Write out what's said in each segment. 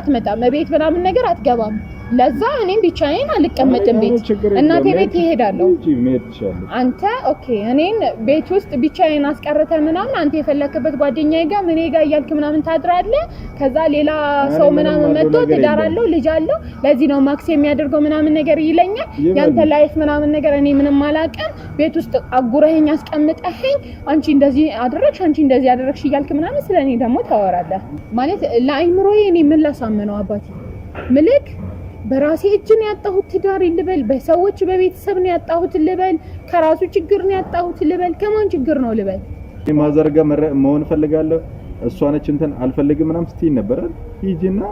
አትመጣም፣ ቤት ምናምን ነገር አትገባም። ለዛ እኔም ብቻዬን አልቀመጥም። ቤት እናቴ ቤት ይሄዳለሁ። አንተ ኦኬ፣ እኔን ቤት ውስጥ ብቻዬን አስቀርተ ምናምን አንተ የፈለክበት ጓደኛዬ ጋር ምን ጋር እያልክ ምናምን ታድራለህ። ከዛ ሌላ ሰው ምናምን መጥቶ ትዳር ልጅ አለው ለዚህ ነው ማክስ የሚያደርገው ምናምን ነገር ይለኛል። ያንተ ላይፍ ምናምን ነገር እኔ ምንም አላውቅም። ቤት ውስጥ አጉረኸኝ አስቀምጠኸኝ፣ አንቺ እንደዚህ አደረግሽ፣ አንቺ እንደዚህ አደረግሽ እያልክ ምናምን ስለኔ ደግሞ ታወራለህ ማለት ለአይምሮዬ እኔ ምን ላሳምነው አባቴ ምልክ በራሴ እጅ ነው ያጣሁት ትዳር ልበል፣ በሰዎች በቤተሰብ ነው ያጣሁት ልበል፣ ከራሱ ችግር ነው ያጣሁት ልበል፣ ከማን ችግር ነው ልበል? ማዘርጋ መሆን እፈልጋለሁ እሷ ነች እንትን አልፈልግም ምናምን ስትይ ነበረ። ሂጂና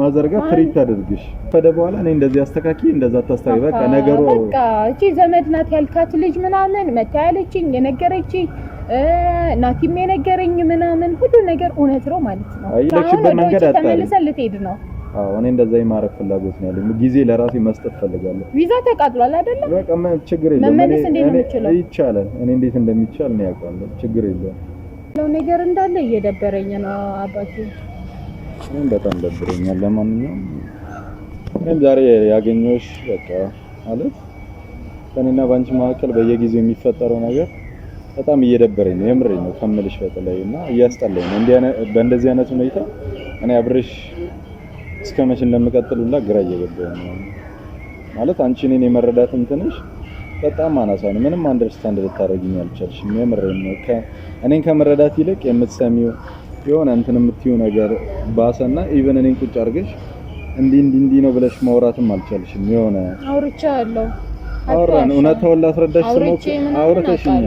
ማዘርጋ ትሪት አድርግሽ ፈደ በኋላ እኔ እንደዚህ አስተካኪ እንደዛ ታስተካኪ በቃ ነገሩ በቃ እቺ ዘመድ ናት ያልካት ልጅ ምናምን መታ ያለችኝ የነገረችኝ ናቲም የነገረኝ ምናምን ሁሉ ነገር እውነት ነው ማለት ነው። አሁን መንገድ ውጭ ተመልሰን ልትሄድ ነው አዎ እኔ እንደዛ የማረግ ፍላጎት ነው ያለኝ። ጊዜ ለራሴ መስጠት ፈልጋለሁ። ቪዛ ተቃጥሏል አይደለም? በቃ ምን ችግር የለም። መመለስ እንዴት ነው የምችለው? ይቻላል። እኔ እንዴት እንደሚቻል ነው ያውቃለሁ። ችግር የለም። ነገር እንዳለ እየደበረኝ ነው አባቴ። እኔም በጣም ደብረኛል። ለማንኛውም እኔም ዛሬ ያገኘሁሽ በቃ ማለት ከእኔና በአንቺ መካከል በየጊዜው የሚፈጠረው ነገር በጣም እየደበረኝ ነው። የምሬ ነው ከምልሽ በተለይ እና እያስጠላኝ ነው በእንደዚህ አይነት ሁኔታ እኔ አብሬሽ እስከ መቼ እንደምቀጥሉላ ግራ እየገባኝ ነው። ማለት አንቺ እኔን የመረዳትም ትንሽ በጣም አናሳ ነው። ምንም አንደርስታንድ ልታደርግኝ አልቻልሽም። የምሬን ነው። እኔን ከመረዳት ይልቅ የምትሰሚው የሆነ እንትን የምትዩ ነገር ባሰና ኢቨን እኔን ቁጭ አድርገሽ እንዲህ እንዲህ እንዲህ ነው ብለሽ ማውራትም አልቻልሽም። የሆነ አውርቻለሁ፣ አውራን እውነታውን ላስረዳሽ ስሞክር አውርተሽኛል።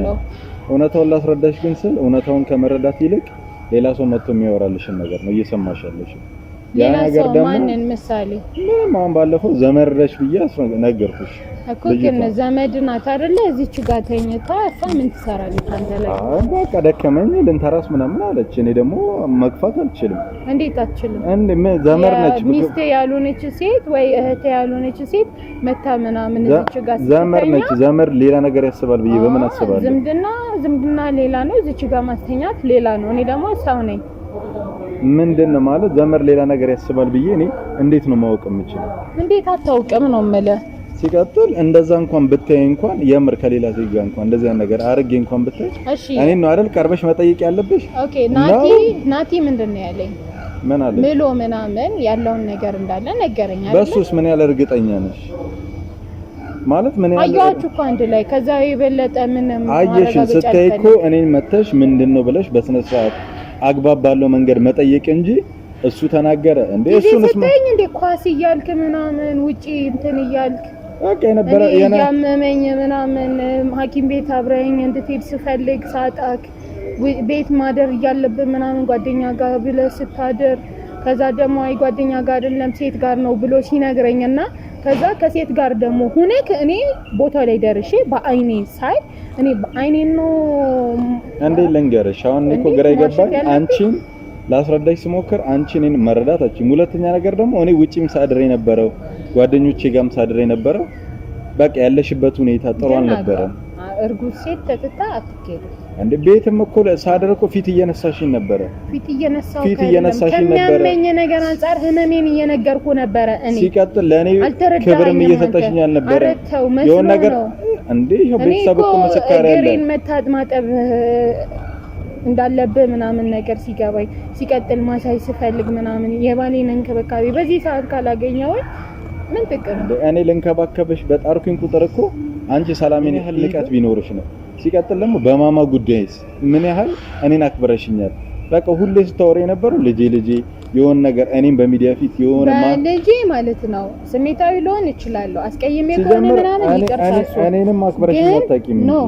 እውነታውን ላስረዳሽ ግን ስል እውነታውን ከመረዳት ይልቅ ሌላ ሰው መጥቶ የሚያወራልሽን ነገር ነው እየሰማሽ ያለሽው። ያ ነገር ደግሞ ማንን ምሳሌ ምንም አሁን ባለፈው ዘመረሽ ብዬ ነገርኩሽ እኮ ግን ዘመድ ናት አይደለ? እዚች ጋር ተኝታ እሷ ምን ትሰራለች አንተ ላይ? አይ በቃ ደከመኝ ልንተራስ ምናምን አለች። እኔ ደግሞ መግፋት አልችልም። እንዴት አትችልም? እንዴ ምን ዘመር ነች። ሚስቴ ያልሆነች ሴት ወይ እህቴ ያልሆነች ሴት መታ ምናምን እዚች ጋር ዘመር ነች። ዘመር ሌላ ነገር ያስባል ብዬ በምን አስባለሁ? ዝምድና ዝምድና ሌላ ነው፣ እዚች ጋር ማስተኛት ሌላ ነው። እኔ ደግሞ ሰው ነኝ ምንድን ነው ማለት ዘመድ ሌላ ነገር ያስባል ብዬ እኔ እንዴት ነው ማወቅ የምችል? እንዴት አታውቅም ነው የምልህ። ሲቀጥል እንደዛ እንኳን ብታይ እንኳን የምር ከሌላ ሴት ጋር እንኳን እንደዛ ነገር አርጌ እንኳን ብታይ እኔ ነው አይደል ቀርበሽ መጠየቅ ያለብሽ። ኦኬ ናቲ ናቲ ምንድን ነው ያለኝ ምን አለ ምሎ ምናምን ያለውን ነገር እንዳለ ነገረኝ አይደል? በሱስ ምን ያለ እርግጠኛ ነሽ? ማለት ምን ያለ አያችሁ እኮ አንድ ላይ ከዛ የበለጠ ምንም አየሽ። ስታይ እኮ እኔን መተሽ ምንድን ነው ብለሽ በስነ ስርዓት አግባብ ባለው መንገድ መጠየቅ እንጂ እሱ ተናገረ እንዴ እሱ ነው እንዴ? ኳስ እያልክ ምናምን ውጪ እንትን እያልክ በቃ የነበረ ያመመኝ ምናምን ሐኪም ቤት አብረኝ እንድትሄድ ስፈልግ ሳጣክ ቤት ማደር እያለብን ምናምን ጓደኛ ጋር ብለህ ስታደር ከዛ ደግሞ አይ ጓደኛ ጋር አይደለም ሴት ጋር ነው ብሎ ሲነግረኝና ከዛ ከሴት ጋር ደግሞ ሁኔ ከእኔ ቦታ ላይ ደርሼ በአይኔ ሳይ እኔ በአይኔ ነው እንዴ ልንገርሽ። አሁን እኮ ግራ ይገባል። አንቺን ላስረዳሽ ስሞክር አንቺ እኔን መረዳት አችም። ሁለተኛ ነገር ደግሞ እኔ ውጪም ሳድር የነበረው ጓደኞቼ ጋርም ሳድር የነበረው በቃ ያለሽበት ሁኔታ ጥሩ አልነበረም። እርጉዝ ሴት ተጥታ አትኬድም እንደ ቤትም እኮ ሳደር እኮ ፊት እየነሳሽኝ ነበረ፣ ፊት እየነሳው ፊት እየነሳሽኝ ነበረ። ከሚያመኝ ነገር አንጻር ህመሜን እየነገርኩ ነበረ። እኔ ሲቀጥል ለኔ ክብርም እየሰጠሽኝ አልነበረ። የሆነ ነገር እንዴ ይሄ ቤተሰብ እኮ መስካሪ አለ። እኔ መታጥ ማጠብ እንዳለብህ ምናምን ነገር ሲገባኝ፣ ሲቀጥል ማሳይ ስፈልግ ምናምን የባሌን እንክብካቤ በዚህ ሰዓት ካላገኘው ምን ጥቅም? እኔ ልንከባከብሽ በጣርኩኝ ቁጥር እኮ አንቺ ሰላሜን ያህል ልቀት ቢኖርሽ ነው። ሲቀጥል ደግሞ በማማ ጉዳይስ ምን ያህል እኔን አክብረሽኛል? በቃ ሁሌ ስታወሪ የነበረው ልጄ ልጄ የሆን ነገር እኔም በሚዲያ ፊት የሆነ ልጄ ማለት ነው። ስሜታዊ ልሆን እችላለሁ። አስቀይሜ ከሆነ ምናምን ይቅርታ። እኔንም አክብረሽኝ አታውቂም ነው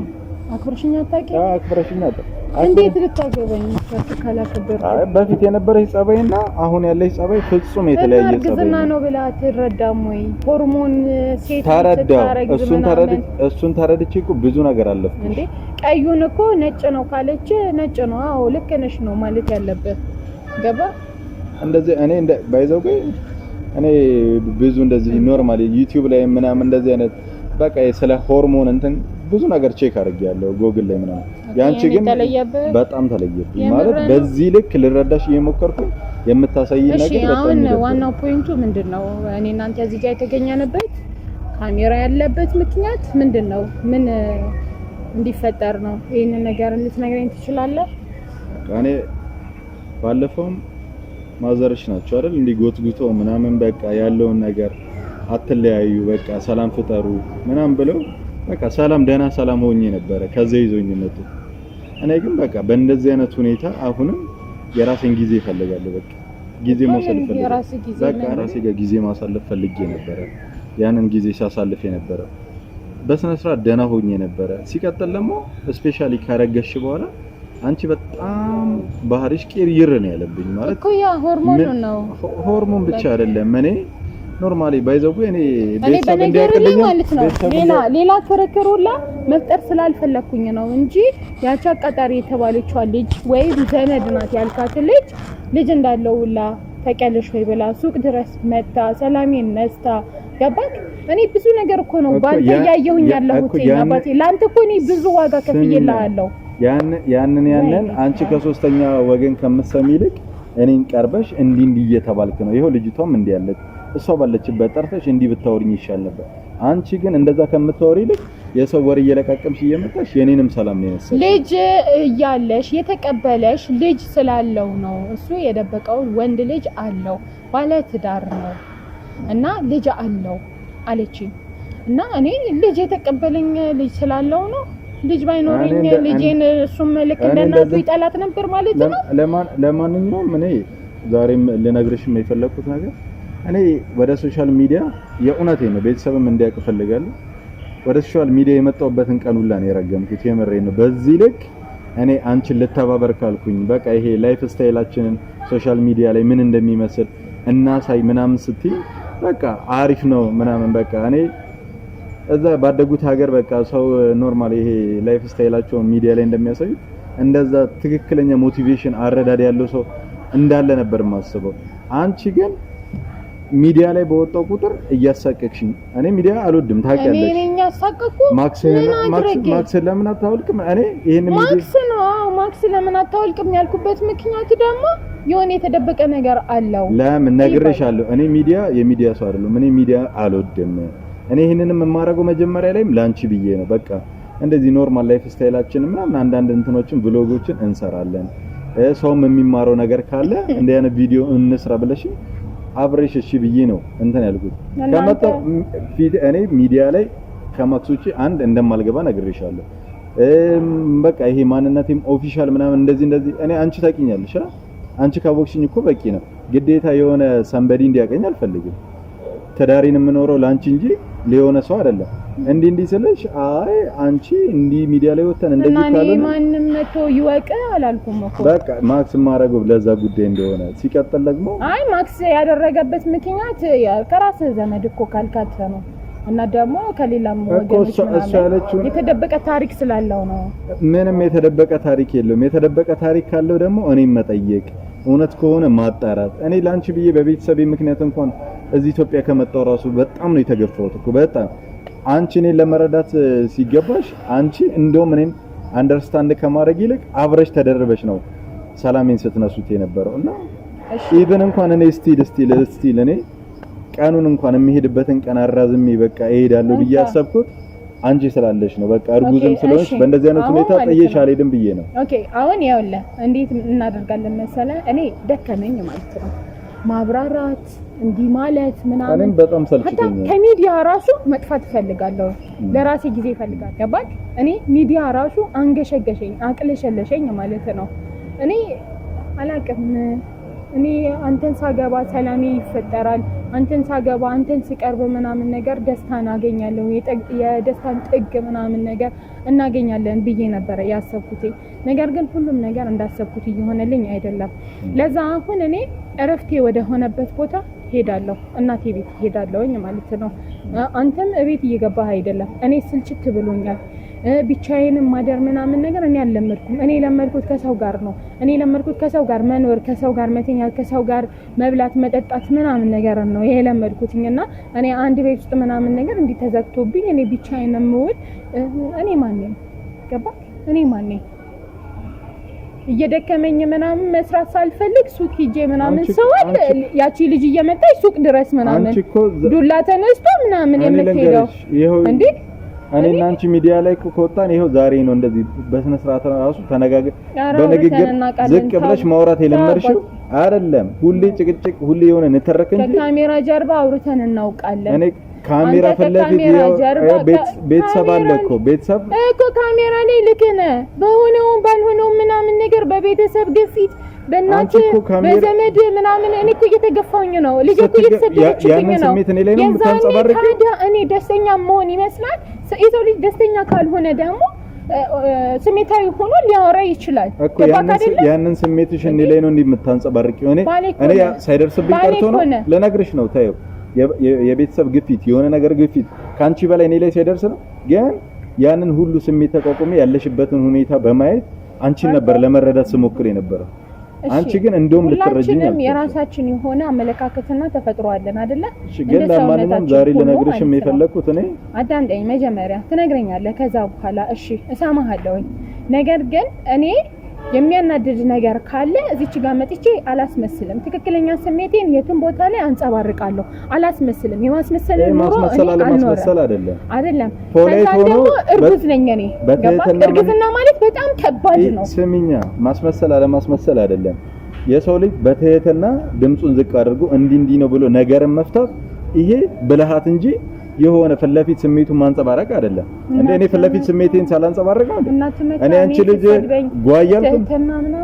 አክብረሽኝ አታውቂም? አክብረሽኛ አታውቂም? እንዴት ልታገበኝ ልታገባኝ ካላከበር በፊት የነበረች ጸባይና አሁን ያለች ጸባይ ፍጹም የተለያየ ጸባይ እርግዝና ነው ብላ ትረዳም ወይ ሆርሞን ሴት ተረዳው። እሱን ተረድቼ እሱን ተረድቼ እኮ ብዙ ነገር አለፍኩ እንዴ። ቀዩን እኮ ነጭ ነው ካለች ነጭ ነው። አዎ ልክ ነሽ ነው ማለት ያለበት። ገባ እንደዚህ እኔ እንደ ባይዘው እኔ ብዙ እንደዚህ ኖርማል ዩቲዩብ ላይ ምናምን እንደዚህ አይነት በቃ ስለ ሆርሞን እንትን ብዙ ነገር ቼክ አድርጌያለሁ ጎግል ላይ ምናምን። ያንቺ ግን በጣም ተለየብኝ። ማለት በዚህ ልክ ልረዳሽ እየሞከርኩ የምታሳይ ነገር በጣም ነው። ዋናው ፖይንቱ ምንድነው? እኔ እናንተ እዚህ ጋር የተገኘንበት ካሜራ ያለበት ምክንያት ምንድነው? ምን እንዲፈጠር ነው? ይህንን ነገር እንድትነግረኝ ትችላለህ? እኔ ባለፈውም ማዘርሽ ናቸው አይደል እንዲህ ጎትጉቶ ምናምን በቃ ያለውን ነገር አትለያዩ፣ በቃ ሰላም ፍጠሩ ምናምን ብለው በቃ ሰላም ደህና ሰላም ሆኜ ነበረ ከዛ ይዞኝ መጡ። እኔ ግን በቃ በእንደዚህ አይነት ሁኔታ አሁንም የራሴን ጊዜ እፈልጋለሁ። በቃ ጊዜ መውሰድ ፈልጋለሁ። በቃ ራሴ ጋር ጊዜ ማሳለፍ ፈልጌ ነበረ። ያንን ጊዜ ሳሳልፍ የነበረ በስነ ስርዓት ደህና ሆኜ ነበረ። ሲቀጥል ደግሞ ስፔሻሊ ካረገሽ በኋላ አንቺ በጣም ባህሪሽ ቅይር ነው ያለብኝ ማለት እኮ ያ ሆርሞን ነው። ሆርሞን ብቻ አይደለም እኔ ኖርማሊ ባይዘው እኔ ቤተሰብ እንዲያቀደኝ ማለት ነው። ሌላ ሌላ ክርክር ሁላ መፍጠር ስላልፈለኩኝ ነው እንጂ ያቺ አቃጣሪ የተባለችው ልጅ ወይም ዘመድ ናት ያልካት ልጅ ልጅ እንዳለው ሁላ ተቀለሽ ወይ ብላ ሱቅ ድረስ መጣ ሰላሜን ነስታ ገባክ። እኔ ብዙ ነገር እኮ ነው ባንተ እያየሁኝ ያለሁት አባቴ። ለአንተ እኮ እኔ ብዙ ዋጋ ከፍዬልሃለሁ። ያንን ያንን አንቺ ከሶስተኛ ወገን ከምትሰሚ ይልቅ እኔን ቀርበሽ እንዲህ እንዲህ እየተባልክ ነው። ይኸው ልጅቷም እንዲህ ያለች እሷ ባለችበት ጠርተሽ እንዲህ ብታወሪኝ ይሻል ነበር። አንቺ ግን እንደዛ ከምታወሪ ይልቅ የሰው ወሬ እየለቃቀምሽ እየመጣሽ የኔንም ሰላም ነው ያሰ ልጅ እያለሽ የተቀበለሽ ልጅ ስላለው ነው። እሱ የደበቀው ወንድ ልጅ አለው፣ ባለ ትዳር ነው እና ልጅ አለው አለችኝ እና እኔ ልጅ የተቀበለኝ ልጅ ስላለው ነው። ልጅ ባይኖረኝ ልጄን እሱም መልክ እንደ እናቱ ይጠላት ነበር ማለት ነው። ለማንኛውም እኔ ዛሬም ልነግርሽም የፈለኩት ነገር እኔ ወደ ሶሻል ሚዲያ የእውነቴ ነው ቤተሰብም እንዲያውቅ ወደ ሶሻል ሚዲያ የመጣሁበትን ቀን ሁላ ነው የረገምኩት። የምሬ ነው። በዚህ ልክ እኔ አንቺን ልተባበር ካልኩኝ በቃ ይሄ ላይፍ ስታይላችንን ሶሻል ሚዲያ ላይ ምን እንደሚመስል እናሳይ ምናምን ስትይ በቃ አሪፍ ነው ምናምን በቃ እኔ እዛ ባደጉት ሀገር በቃ ሰው ኖርማል ይሄ ላይፍ ስታይላቸውን ሚዲያ ላይ እንደሚያሳዩት እንደዛ ትክክለኛ ሞቲቬሽን አረዳድ ያለው ሰው እንዳለ ነበር የማስበው። አንቺ ግን ሚዲያ ላይ በወጣው ቁጥር እያሳቀቅሽኝ። እኔ ሚዲያ አልወድም ታውቂያለሽ። እኔ ነኝ ያሳቀቅኩ። ማክስ ማክስ ለምን አታወልቅም? እኔ ይሄን ማክስ ነው ማክስ ለምን አታወልቅም ያልኩበት ምክንያት ደግሞ የሆነ የተደበቀ ነገር አለው። ለምን ነግሬሻለሁ። እኔ ሚዲያ የሚዲያ ሰው አይደለሁም። እኔ ሚዲያ አልወድም። እኔ ይሄንንም የማደርገው መጀመሪያ ላይም ላንቺ ብዬ ነው። በቃ እንደዚህ ኖርማል ላይፍ ስታይላችን ምናምን አንዳንድ እንትኖችን ብሎጎችን እንሰራለን። ሰውም የሚማረው ነገር ካለ እንደያነ ቪዲዮ እንስራ ብለሽ አብሬሽ እሺ ብዬ ነው እንትን ያልኩት። ከመጣ ፊት እኔ ሚዲያ ላይ ከማክስ ውጪ አንድ እንደማልገባ ነግሬሻለሁ። በቃ ይሄ ማንነቴም ኦፊሻል ምናምን እንደዚህ እንደዚህ እኔ አንቺ ታውቂኛለሽ አይደል? አንቺ ካወቅሽኝ እኮ በቂ ነው። ግዴታ የሆነ ሰንበዲ እንዲያቀኝ አልፈልግም። ትዳሬን የምኖረው ላንቺ እንጂ ለሆነ ሰው አይደለም። እንዲህ እንዲህ ስልሽ አይ አንቺ እንዲህ ሚዲያ ላይ ወተን እንደዚህ ካለ ማንም መቶ ይወቀ አላልኩም እኮ በቃ ማክስ ማረገው ለዛ ጉዳይ እንደሆነ ሲቀጥል ደግሞ አይ ማክስ ያደረገበት ምክንያት ከራስ ዘመድ እኮ ካልካተ ነው እና ደግሞ ከሌላም ወገኖች የተደበቀ ታሪክ ስላለው ነው። ምንም የተደበቀ ታሪክ የለውም። የተደበቀ ታሪክ ካለው ደግሞ እኔም መጠየቅ እውነት ከሆነ ማጣራት። እኔ ለአንቺ ብዬ በቤተሰቤ ምክንያት እንኳን እዚህ ኢትዮጵያ ከመጣው ራሱ በጣም ነው የተገፋሁት እኮ በጣም አንቺ እኔን ለመረዳት ሲገባሽ አንቺ እንደውም እኔን አንደርስታንድ ከማድረግ ይልቅ አብረሽ ተደርበሽ ነው ሰላሜን ስትነሱት የነበረው እና ኢቭን እንኳን እኔ ስቲል ስቲል ስቲል እኔ ቀኑን እንኳን የሚሄድበትን ቀን አራዝሜ በቃ እሄዳለሁ ብዬ አሰብኩት አንቺ ስላለሽ ነው። በቃ እርጉዝም ስለሆንሽ በእንደዚህ አይነት ሁኔታ ጠየሽ አልሄድም ብዬ ነው። ኦኬ አሁን ያውላ እንዴት እናደርጋለን መሰለ እኔ ደከመኝ ማለት ነው ማብራራት እንዲህ ማለት ምናምን በጣም ሰልችቶኛል። ከሚዲያ ራሱ መጥፋት እፈልጋለሁ። ለራሴ ጊዜ ይፈልጋል። ገባል። እኔ ሚዲያ ራሱ አንገሸገሸኝ፣ አቅለሸለሸኝ ማለት ነው። እኔ አላቅም። እኔ አንተን ሳገባ ሰላሜ ይፈጠራል አንተን ሳገባ አንተን ሲቀርብ ምናምን ነገር ደስታ አገኛለሁ የደስታን ጥግ ምናምን ነገር እናገኛለን ብዬ ነበረ ያሰብኩት። ነገር ግን ሁሉም ነገር እንዳሰብኩት እየሆነልኝ አይደለም። ለዛ አሁን እኔ እረፍቴ ወደ ሆነበት ቦታ ሄዳለሁ፣ እናቴ ቤት ሄዳለሁኝ ማለት ነው። አንተም እቤት እየገባህ አይደለም። እኔ ስልችት ብሎኛል። ብቻዬንም ማደር ምናምን ነገር እኔ አልለመድኩም። እኔ የለመድኩት ከሰው ጋር ነው። እኔ የለመድኩት ከሰው ጋር መኖር፣ ከሰው ጋር መተኛት፣ ከሰው ጋር መብላት፣ መጠጣት ምናምን ነገር ነው ይሄ የለመድኩትኝ እና እኔ አንድ ቤት ውስጥ ምናምን ነገር እንዲህ ተዘግቶብኝ እኔ ብቻዬን የምውል እኔ ማነኝ? ገባ እኔ ማነኝ? እየደከመኝ ምናምን መስራት ሳልፈልግ ሱቅ ሂጄ ምናምን ሰው ያቺ ልጅ እየመጣች ሱቅ ድረስ ምናምን ዱላ ተነስቶ ምናምን የምትሄደው እንዴ እኔ እና አንቺ ሚዲያ ላይ ከወጣን ይኸው ዛሬ ነው። እንደዚህ በስነ ስርዓት ራሱ ተነጋገር በንግግር ዝቅ ብለሽ ማውራት የለመድሽው አይደለም። ሁሌ ጭቅጭቅ፣ ሁሌ የሆነ ንተረክ እንጂ ከካሜራ ጀርባ አውርተን እናውቃለን። እኔ ካሜራ ፊት ለፊት ቤተሰብ አለ እኮ ቤተሰብ እኮ ካሜራ ላይ ልክ ነህ። በሆነውም ባልሆነውም ምናምን ነገር በቤተሰብ ግፊት በእናቴ በዘመድ ምናምን እኔ እኮ እየተገፋኝ ነው። ልጅ እኮ እየተሰደደችብኝ ነው። የዛኔ ታዲያ እኔ ደስተኛ መሆን ይመስላል። የሰው ልጅ ደስተኛ ካልሆነ ደግሞ ስሜታዊ ሆኖ ሊያወራ ይችላል። ያንን ስሜትሽ እኔ ላይ ነው እንዲህ የምታንጸባርቂው። እኔ እኔ ሳይደርስብኝ ቀርቶ ነው ለነግርሽ ነው። ታየው የቤተሰብ ግፊት፣ የሆነ ነገር ግፊት ከአንቺ በላይ እኔ ላይ ሳይደርስ ነው። ግን ያንን ሁሉ ስሜት ተቋቁሜ ያለሽበትን ሁኔታ በማየት አንቺን ነበር ለመረዳት ስሞክር የነበረው። አንቺ ግን እንደውም ልትረጂኝ ነው። የራሳችን የሆነ አመለካከትና ተፈጥሮ አለን አይደለ? እሺ፣ ግን ለማንኛውም ዛሬ ልነግርሽም የፈለኩት እኔ አዳምጠኝ። መጀመሪያ ትነግረኛለህ፣ ከዛ በኋላ እሺ እሰማሃለሁኝ። ነገር ግን እኔ የሚያናድድ ነገር ካለ እዚች ጋር መጥቼ አላስመስልም። ትክክለኛ ስሜቴን የትም ቦታ ላይ አንጸባርቃለሁ። አላስመስልም። የማስመሰል ኑሮ ማስመሰል አይደለም አይደለም። ደግሞ እርጉዝ ነኝ እኔ። እርግዝና ማለት በጣም ከባድ ነው። ስሚኛ፣ ማስመሰል አለማስመሰል አይደለም። የሰው ልጅ በትህትና ድምፁን ዝቅ አድርጎ እንዲህ እንዲህ ነው ብሎ ነገርን መፍታት ይሄ ብልሃት እንጂ የሆነ ፊት ለፊት ስሜቱን ማንጸባረቅ አይደለም እንደ እኔ ፊት ለፊት ስሜቴን ሳላንጸባረቅ አይደል? እኔ አንቺ ልጅ ጓያል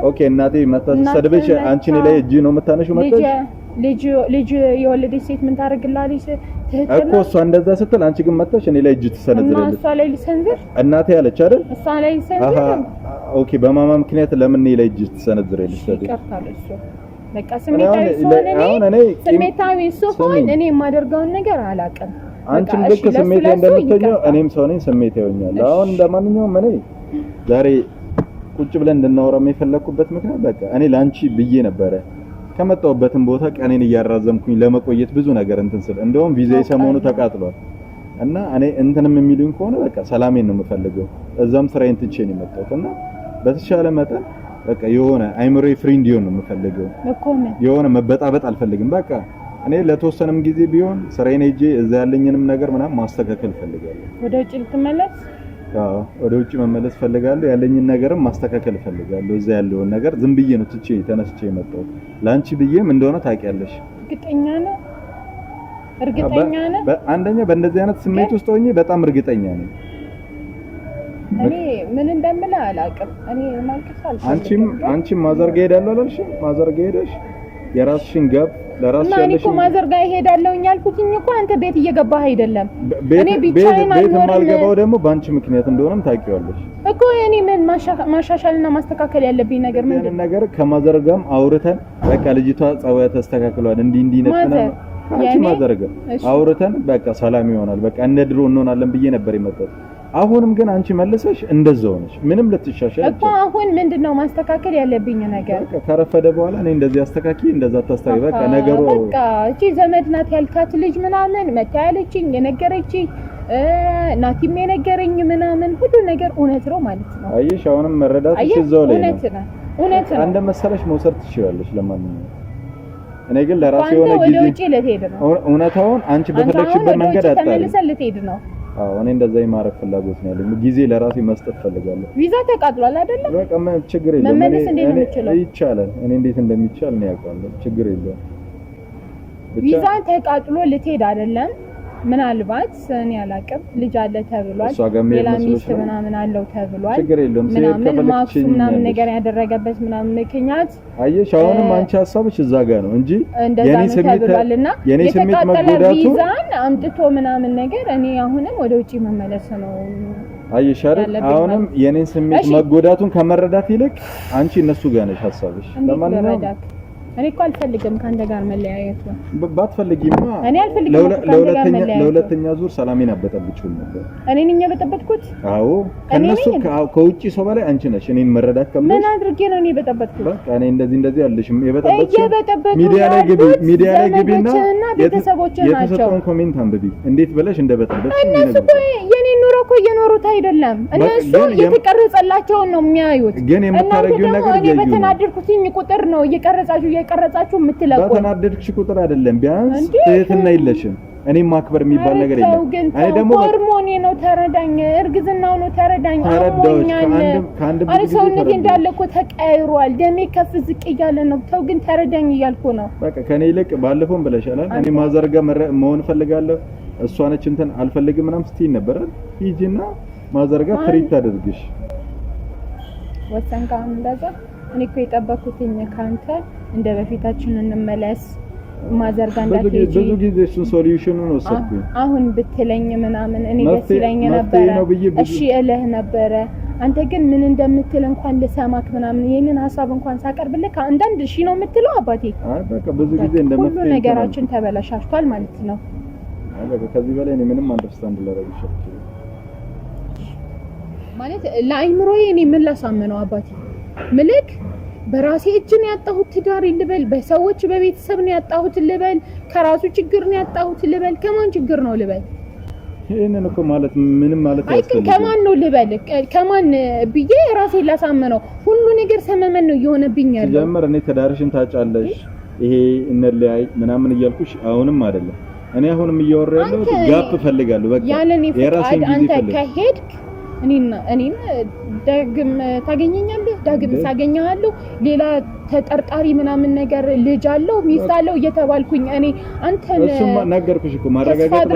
ኦኬ፣ እናቴ መታሰደብሽ አንቺ እኔ ላይ እጅ ነው የምታነሺው መጣሽ ልጅ ልጅ የወለደች ሴት ምን ታደርግላለች እኮ እሷ እንደዛ ስትል፣ አንቺ ግን መጣሽ እኔ ላይ እጅ ትሰነዝራለች። እሷ ላይ ልሰንዝር እናቴ ያለች አይደል? እሷ ላይ ልሰንዝር። ኦኬ፣ በማማ ምክንያት ለምን እኔ ላይ እጅ ትሰነዝራለች? በቃ ስሜታዊ እሷ ሆነ እኔ ስሜታዊ እሷ ሆነ እኔ የማደርገውን ነገር አላውቅም። አንቺም ልክ ስሜት እንደምትሆኚው እኔም ሰው ነኝ፣ ስሜት ይሆኛል። አሁን እንደማንኛውም እኔ ዛሬ ቁጭ ብለን እንድናወራ የፈለኩበት ምክንያት በቃ እኔ ላንቺ ብዬ ነበረ ከመጣሁበትም ቦታ ቀኔን እያራዘምኩኝ ለመቆየት ብዙ ነገር እንትን ስል እንደውም ቪዛ ሰሞኑ ተቃጥሏል እና እኔ እንትንም የሚሉኝ ከሆነ በቃ ሰላሜን ነው የምፈልገው። እዛም ስራዬን ትቼ ነው የመጣሁት እና በተሻለ መጠን በቃ የሆነ አይምሮዬ ፍሪ እንዲሆን ነው የምፈልገው። የሆነ መበጣበጥ አልፈልግም በቃ እኔ ለተወሰነም ጊዜ ቢሆን ስራዬን ሄጄ እዛ ያለኝንም ነገር ምናምን ማስተካከል ፈልጋለሁ። ወደ ውጭ ልትመለስ? አዎ ወደ ውጭ መመለስ ፈልጋለሁ። ያለኝን ነገርም ማስተካከል ፈልጋለሁ። እዛ ያለውን ነገር ዝም ብዬ ነው ትቼ ተነስቼ የመጣሁት። ለአንቺ ብዬም እንደሆነ ታውቂያለሽ። እርግጠኛ ነው እርግጠኛ ነው። አንደኛ በእንደዚህ አይነት ስሜት ውስጥ ሆኜ በጣም እርግጠኛ ነኝ። እኔ ምን እንደምልህ አላውቅም። እኔ ማልቀስ አልፈልግም። አንቺም አንቺም ማዘርጋ ሄዳለሁ አላልሽም? ማዘርጋ ሄደሽ የራስሽን ገብ ለራስሽ ያለሽ እና እኮ ማዘር ጋር እሄዳለሁኝ አልኩትኝ እኮ አንተ ቤት እየገባህ አይደለም። እኔ ብቻዬን የማልገባው ደግሞ በአንቺ ምክንያት እንደሆነም ታውቂዋለሽ እኮ። እኔ ምን ማሻሻልና ማስተካከል ያለብኝ ነገር ምን ነው? ነገር ከማዘር ጋርም አውርተን በቃ ልጅቷ ጸባይ ተስተካክሏል፣ እንዲህ እንዲህ ነጥና አንቺ ማዘር ጋር አውርተን በቃ ሰላም ይሆናል፣ በቃ እንደ ድሮ እንሆናለን ብዬ ነበር የመጣሁት አሁንም ግን አንቺ መልሰሽ እንደዛው ነሽ። ምንም ልትሻሻል እኮ አሁን ምንድነው ማስተካከል ያለብኝ ነገር? ከረፈደ በኋላ እኔ እንደዚህ አስተካክል፣ እንደዛ አታስተካክል። በቃ ነገሩ በቃ እቺ ዘመድ ናት ያልካት ልጅ ምናምን መታ ያለችኝ የነገረችኝ ናቲም የነገረኝ ምናምን ሁሉ ነገር እውነት ነው ማለት ነው። አየሽ፣ አሁንም መረዳት እዛው ላይ ነው። እውነት ነው። አንድ መሰለሽ መውሰድ ትችላለሽ። ለማንኛውም እኔ ግን ለራሴ የሆነ ጊዜ እውነታውን አንቺ በፈለግሽበት መንገድ አጣሪ ተመልሰን ልትሄድ ነው አዎ እኔ እንደዛ የማረግ ፍላጎት ነው ያለኝ። ጊዜ ለራሴ መስጠት ፈልጋለሁ። ቪዛ ተቃጥሏል አይደለም? በቃ ምንም ችግር የለም። መመለስ እንዴት ነው የምችለው? ይቻላል። እኔ እንዴት እንደሚቻል ነው ያውቃለሁ። ችግር የለም። ቪዛ ተቃጥሎ ልትሄድ አይደለም ምናልባት እኔ አላቅም ልጅ አለ ተብሏል፣ ሌላ ሚስት ምናምን አለው ተብሏል። ምናምን ማሱ ምናምን ነገር ያደረገበት ምናምን ምክንያት አየሽ። አሁንም አንቺ ሀሳብሽ እዛ ጋ ነው እንጂ እንደዛ ስሜት ተብሏልና የተቃጠለ ቪዛን አምጥቶ ምናምን ነገር እኔ አሁንም ወደ ውጭ መመለስ ነው። አየሽ አይደል? አሁንም የኔን ስሜት መጎዳቱን ከመረዳት ይልቅ አንቺ እነሱ ጋር ነሽ ሀሳብሽ ለማንኛውም እኔ እኮ አልፈልግም ከአንተ ጋር መለያየት ባትፈልጊማ እኔ አልፈልግም። ለሁለተኛ ለሁለተኛ ዙር ሰላሜን አበጠብችሁም ነበር። እኔ ነኝ የበጠበጥኩት? አዎ፣ ከነሱ ከውጪ ሰው በላይ አንቺ ነሽ። እኔን መረዳት ከምን ምን አድርጌ ነው እኔ የበጠበጥኩት? በቃ እኔ እንደዚህ እንደዚህ አልልሽም። የበጠበጥኩት ሚዲያ ላይ ግቢ፣ ሚዲያ ላይ ግቢና ቤተሰቦች ናቸው የተሰጠውን ኮሜንት አንብቢ። እንዴት ብለሽ እንደበጠበጥሽ እነሱ እኮ የኔን ኑሮ እኮ እየኖሩት አይደለም። እነሱ የተቀረጸላቸውን ነው የሚያዩት። ግን የምታረጊው ነገር እኔ በተናደድኩትኝ ቁጥር ነው እየቀረጻችሁ የቀረጻችሁ የምትለቁ በተናደድሽ ቁጥር አይደለም። ቢያንስ ትህትና የለሽም። እኔ ማክበር የሚባል ነገር የለም። እኔ ደግሞ ሆርሞኔ ነው ተረዳኝ፣ እርግዝናው ነው ተረዳኝ። አሞኛል። አረ ሰውነቴ እንዳለ እኮ ተቀያይሯል። ደሜ ከፍ ዝቅ እያለ ነው። ተው ግን ተረዳኝ እያልኩ ነው። በቃ ከኔ ይልቅ ባለፈውም ብለሻላል። እኔ ማዘርጋ መሆን እፈልጋለሁ፣ እሷ ነች እንትን አልፈልግም ምናምን ስትይ ነበራል። ሂጂና ማዘርጋ ትሪት አድርግሽ ወሰንካ እንደዛ እኔ እኮ የጠበኩትኝ ከአንተ እንደ በፊታችን እንመለስ ማዘርጋ እንዳትሄጂ ብዙ ጊዜ እሱን አሁን ብትለኝ ምናምን እኔ ደስ ይለኝ ነበረ፣ እሺ እልህ ነበረ። አንተ ግን ምን እንደምትል እንኳን ልሰማክ ምናምን ይህንን ሀሳብ እንኳን ሳቀርብልህ አንዳንድ እሺ ነው የምትለው። አባቴ ብዙ ጊዜ ሁሉ ነገራችን ተበላሻሽቷል ማለት ነው። ከዚህ በላይ እኔ ምንም አንደርስታንድ ማለት ለአይምሮዬ እኔ ምን ላሳምነው አባቴ ምልክ በራሴ እጅ ነው ያጣሁት ትዳር ልበል፣ በሰዎች በቤተሰብ ነው ያጣሁት ልበል፣ ከራሱ ችግር ነው ያጣሁት ልበል፣ ከማን ችግር ነው ልበል? ይሄንን እኮ ማለት ምንም ማለት አይደለም። ከማን ነው ልበል? ከማን ብዬ ራሴን ላሳምነው? ሁሉ ነገር ሰመመን ነው እየሆነብኝ ያለው። ጀመር እኔ ትዳርሽን ታጫለሽ፣ ይሄ እንለያይ ምናምን እያልኩሽ አሁንም አይደለም። እኔ አሁንም እያወራ ያለሁት ጋፕ እፈልጋለሁ። በቃ የራሴን ጊዜ አንተ ከሄድክ እኔን ዳግም ታገኘኛለህ፣ ዳግም ሳገኘሃለሁ፣ ሌላ ተጠርጣሪ ምናምን ነገር ልጅ አለው ሚስት አለው እየተባልኩኝ እኔ አንተን ነገርኩሽ እኮ ማረጋገጥ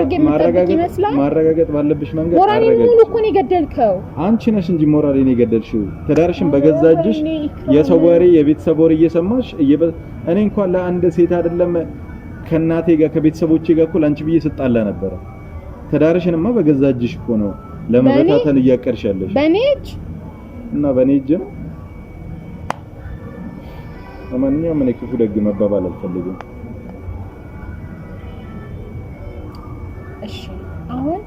ባለብሽ መንገድ ሞራሌን ሙሉ እኮ ነው የገደልከው። አንቺ ነሽ እንጂ ሞራሌን የገደልሽው። ትዳርሽን በገዛ እጅሽ የሰው ወሬ የቤተሰብ ወሬ እየሰማሽ እኔ እንኳን ለአንድ ሴት አይደለም ከእናቴ ጋር ከቤተሰቦቼ ጋር እኮ ለአንቺ ብዬ ስጣላ ነበረ። ትዳርሽንማ በገዛ እጅሽ እኮ ነው ለመበታተን እያቀድሽ ያለሽ በእኔ እጅ እና በእኔ እጅ ነው። ለማንኛውም እኔ ክፉ ደግ መባባል አልፈልግም። እሺ አሁን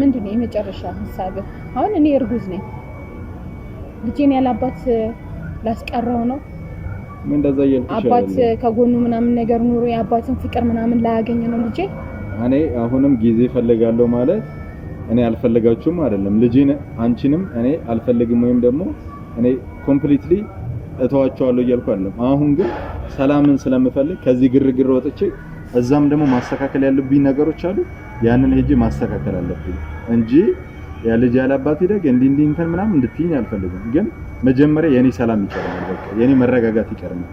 ምንድን ነው የመጨረሻ ሀሳብ? አሁን እኔ እርጉዝ ነኝ። ልጄን ያላባት ላስቀረው ነው? ምን እንደዛ እያልኩሽ አባት ከጎኑ ምናምን ነገር ኑሮ የአባትን ፍቅር ምናምን ላያገኝ ነው ልጄ። እኔ አሁንም ጊዜ ፈልጋለሁ ማለት እኔ አልፈለጋችሁም አይደለም። ልጄን አንቺንም እኔ አልፈልግም ወይም ደግሞ እኔ ኮምፕሊትሊ እተዋቸዋለሁ እያልኩ አይደለም። አሁን ግን ሰላምን ስለምፈልግ ከዚህ ግርግር ወጥቼ እዛም ደግሞ ማስተካከል ያለብኝ ነገሮች አሉ። ያንን ሄጄ ማስተካከል አለብኝ እንጂ ያ ልጅ ያላባት ይደግ እንዲህ እንዲህ እንትን ምናምን እንድትይኝ አልፈልግም። ግን መጀመሪያ የኔ ሰላም ይቀርማል፣ በቃ የኔ መረጋጋት ይቀርማል።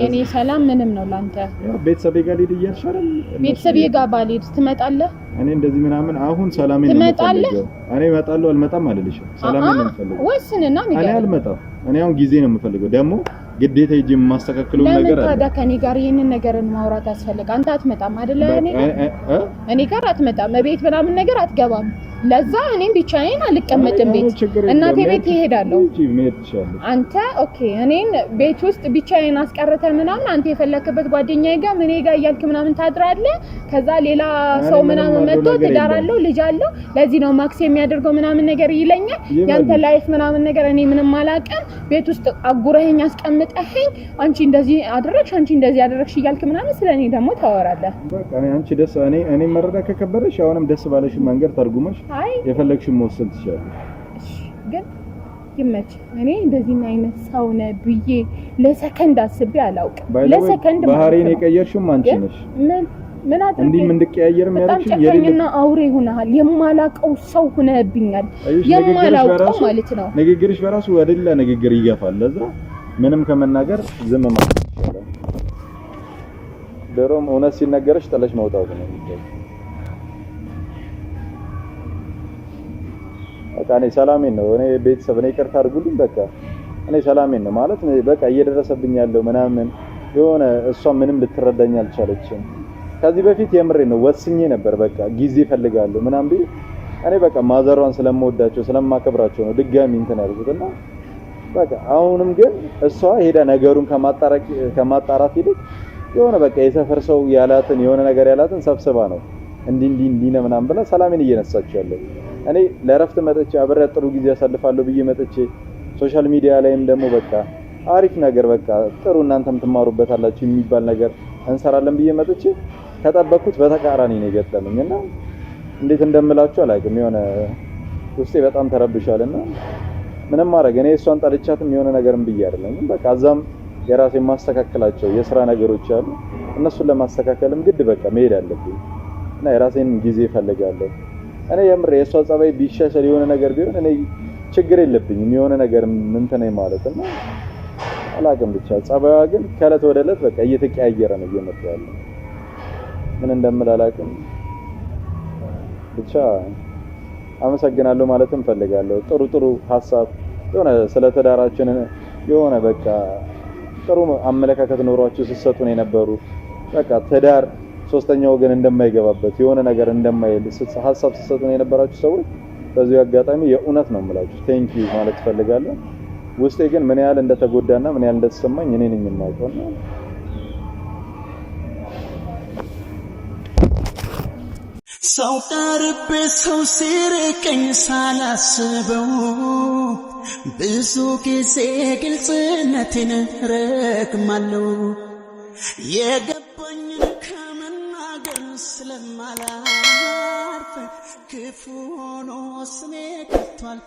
የኔ ሰላም ምንም ነው ላንተ። ያው ቤተሰቤ ጋር ልሂድ እያልሽ አይደል? ቤተሰቤ ጋር ባልሄድ ትመጣለህ? እኔ እንደዚህ ምናምን አሁን ሰላሜን ትመጣለህ? እኔ እመጣለሁ አልመጣም አልልሽም። ሰላሜን ነው የምፈልገው። ወስንና ንገረኝ። እኔ አልመጣም። እኔ አሁን ጊዜ ነው የምፈልገው። ደግሞ ግዴታ ሂጅ የማስተካክለው ነገር አለ። ታዲያ ከኔ ጋር ይሄንን ነገርን ማውራት ያስፈልግ። አንተ አትመጣም አይደለ? እኔ ጋር አትመጣም። ቤት ምናምን ነገር አትገባም ለዛ እኔም ብቻዬን አልቀመጥም። ቤት እናቴ ቤት ይሄዳለሁ። አንተ ኦኬ፣ እኔን ቤት ውስጥ ብቻዬን አስቀርተ ምናምን አንተ የፈለክበት ጓደኛዬ ጋር ምን ጋር እያልክ ምናምን ታድራለ ከዛ ሌላ ሰው ምናምን መጥቶ ትዳር አለው ልጅ አለው፣ ለዚህ ነው ማክስ የሚያደርገው ምናምን ነገር ይለኛል። ያንተ ላይፍ ምናምን ነገር እኔ ምንም አላውቅም። ቤት ውስጥ አጉረኸኝ አስቀምጠኸኝ፣ አንቺ እንደዚህ አደረግሽ፣ አንቺ እንደዚህ አደረግሽ እያልክ ምናምን ስለ እኔ ደግሞ ታወራለህ። በቃ አንቺ ደስ እኔ እኔ መረዳት አሁንም ደስ ባለሽ መንገድ ተርጉመሽ አይ የፈለግሽን መወሰን ትችላለሽ። ግን ይመች እኔ እንደዚህ አይነት ሰው ነ ብዬ ለሰከንድ አስቤ አላውቅም። ለሰከንድ ባህሪን የቀየርሽም አንቺ ነሽ። ምን ምን አድርጌ እንዲህ እንድቀያየር የሚያደርግሽ ጨካኝና አውሬ ሆነሃል። የማላቀው ሰው ሆነብኛል። የማላውቀው ማለት ነው። ንግግርሽ በራሱ ወደ ሌላ ንግግር ይገፋል። ለዛ ምንም ከመናገር ዝም ማለት ይቻላል። ድሮም እውነት ሲነገረሽ ጥለሽ መውጣት ነው። በቃ እኔ ሰላሜን ነው እኔ ቤተሰብ እኔ ይቅርታ አድርጉልኝ በቃ እኔ ሰላሜን ነው ማለት በቃ እየደረሰብኝ ያለው ምናምን የሆነ እሷ ምንም ልትረዳኝ አልቻለችም። ከዚህ በፊት የምሬ ነው ወስኜ ነበር በቃ ጊዜ ፈልጋለሁ ምናምን ቢል እኔ በቃ ማዘሯን ስለምወዳቸው ስለማከብራቸው ነው ድጋሚ እንትን ያልኩት እና በቃ አሁንም ግን እሷ ሄዳ ነገሩን ከማጣራት ይልቅ የሆነ በቃ የሰፈር ሰው ያላትን የሆነ ነገር ያላትን ሰብስባ ነው እንዲህ እንዲህ እንዲህ ነው ምናምን ብላ ሰላሜን እየነሳች ያለው እኔ ለእረፍት መጥቼ አብሬያት ጥሩ ጊዜ ያሳልፋለሁ ብዬ መጥቼ ሶሻል ሚዲያ ላይም ደግሞ በቃ አሪፍ ነገር በቃ ጥሩ እናንተም አላችሁ የሚባል ነገር እንሰራለን ብዬ መጥቼ ከጠበኩት በተቃራኒ ነው የገጠመኝ እና እንዴት እንደምላችሁ አላውቅም። የሆነ ውስጤ በጣም ተረብሻል እና ምንም ማድረግ እኔ እሷን ጠልቻትም የሆነ ነገርም ብዬ አይደለም። በቃ እዛም የራሴ ማስተካከላቸው የስራ ነገሮች አሉ። እነሱን ለማስተካከልም ግድ በቃ መሄድ አለብኝ እና የራሴን ጊዜ እፈልጋለሁ። እኔ የምሬ የእሷ ጸባይ ቢሻሻል የሆነ ነገር ቢሆን እኔ ችግር የለብኝም የሆነ ነገር ምንትነኝ ማለት ነው አላውቅም። ብቻ ጸባይዋ ግን ከእለት ወደ እለት በቃ እየተቀያየረ ነው እየመጣ ያለ ምን እንደምል አላውቅም። ብቻ አመሰግናለሁ ማለት እንፈልጋለሁ። ጥሩ ጥሩ ሀሳብ የሆነ ስለ ትዳራችን የሆነ በቃ ጥሩ አመለካከት ኖሯችሁ ስትሰጡን የነበሩ በቃ ትዳር ሶስተኛ ወገን እንደማይገባበት የሆነ ነገር እንደማይል ሀሳብ ነው የነበራችሁ ሰዎች በዚህ አጋጣሚ የእውነት ነው የምላችሁ ቴንክ ዩ ማለት እፈልጋለሁ። ውስጤ ግን ምን ያህል እንደተጎዳና ምን ያህል እንደተሰማኝ እኔ ነኝ የማውቀው። ሰው ቀርቤ ሰው ሲርቀኝ ሳላስበው ብዙ ጊዜ ግልጽነትን ረግማለሁ። ሳላርፍ ክፉ ሆኖ ስሜ ቀርቷል።